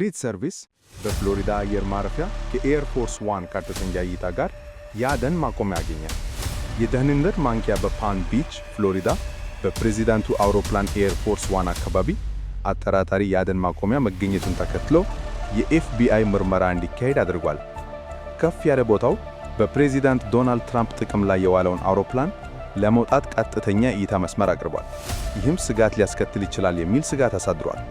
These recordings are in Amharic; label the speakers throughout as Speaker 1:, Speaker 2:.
Speaker 1: ክሪት ሰርቪስ በፍሎሪዳ አየር ማረፊያ ከኤርፎርስ ዋን ቀጥተኛ እይታ ጋር የአደን ማቆሚያ ያገኛል። የደህንነት ማንኪያ በፓን ቢች ፍሎሪዳ በፕሬዚዳንቱ አውሮፕላን ኤርፎርስ ዋን አካባቢ አጠራጣሪ የአደን ማቆሚያ መገኘቱን ተከትሎ የኤፍቢአይ ምርመራ እንዲካሄድ አድርጓል። ከፍ ያለ ቦታው በፕሬዚዳንት ዶናልድ ትራምፕ ጥቅም ላይ የዋለውን አውሮፕላን ለመውጣት ቀጥተኛ እይታ መስመር አቅርቧል። ይህም ስጋት ሊያስከትል ይችላል የሚል ስጋት አሳድሯል።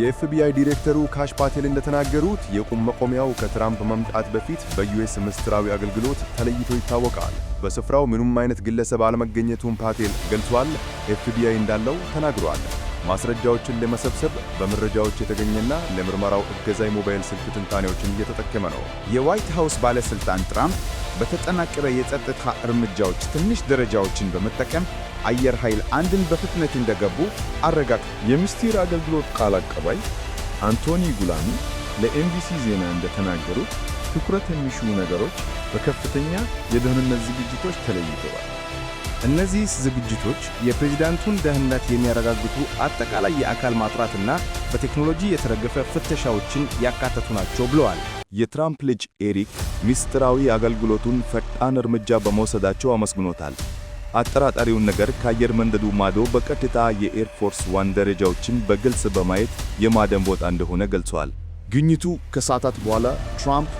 Speaker 1: የኤፍቢአይ ዲሬክተሩ ካሽ ፓቴል እንደተናገሩት የቁም መቆሚያው ከትራምፕ መምጣት በፊት በዩኤስ ምስጢራዊ አገልግሎት ተለይቶ ይታወቃል። በስፍራው ምንም አይነት ግለሰብ አለመገኘቱን ፓቴል ገልጿል። ኤፍቢአይ እንዳለው ተናግሯል። ማስረጃዎችን ለመሰብሰብ በመረጃዎች የተገኘና ለምርመራው እገዛ የሞባይል ስልክ ትንታኔዎችን እየተጠቀመ ነው። የዋይት ሀውስ ባለሥልጣን ትራምፕ በተጠናቀረ የጸጥታ እርምጃዎች ትንሽ ደረጃዎችን በመጠቀም አየር ኃይል አንድን በፍጥነት እንደገቡ አረጋግ የምስጢር አገልግሎት ቃል አቀባይ አንቶኒ ጉላሚ ለኤምቢሲ ዜና እንደተናገሩት ትኩረት የሚሹ ነገሮች በከፍተኛ የደህንነት ዝግጅቶች ተለይተዋል። እነዚህ ዝግጅቶች የፕሬዝዳንቱን ደህንነት የሚያረጋግጡ አጠቃላይ የአካል ማጥራትና በቴክኖሎጂ የተደገፈ ፍተሻዎችን ያካተቱ ናቸው ብለዋል። የትራምፕ ልጅ ኤሪክ ምስጢራዊ አገልግሎቱን ፈጣን እርምጃ በመውሰዳቸው አመስግኖታል። አጠራጣሪውን ነገር ከአየር መንገዱ ማዶ በቀጥታ የኤር ፎርስ ዋን ደረጃዎችን በግልጽ በማየት የማደን ቦታ እንደሆነ ገልጿል። ግኝቱ ከሰዓታት በኋላ ትራምፕ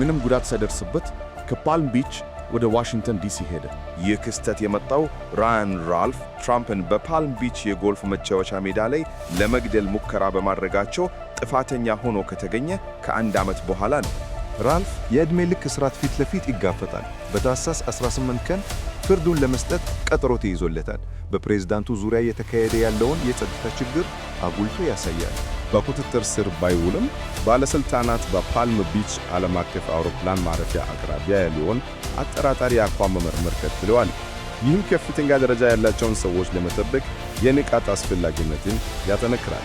Speaker 1: ምንም ጉዳት ሳይደርስበት ከፓልም ቢች ወደ ዋሽንግተን ዲሲ ሄደ። ይህ ክስተት የመጣው ራያን ራልፍ ትራምፕን በፓልም ቢች የጎልፍ መጫወቻ ሜዳ ላይ ለመግደል ሙከራ በማድረጋቸው ጥፋተኛ ሆኖ ከተገኘ ከአንድ ዓመት በኋላ ነው። ራልፍ የዕድሜ ልክ እስራት ፊት ለፊት ይጋፈጣል። በታህሳስ 18 ቀን ፍርዱን ለመስጠት ቀጠሮ ተይዞለታል። በፕሬዝዳንቱ ዙሪያ እየተካሄደ ያለውን የጸጥታ ችግር አጉልቶ ያሳያል። በቁጥጥር ስር ባይውልም ባለሥልጣናት በፓልም ቢች ዓለም አቀፍ አውሮፕላን ማረፊያ አቅራቢያ ያለውን አጠራጣሪ አኳኋን መመርመር ቀጥለዋል። ይህም ከፍተኛ ደረጃ ያላቸውን ሰዎች ለመጠበቅ የንቃት አስፈላጊነትን ያጠነክራል።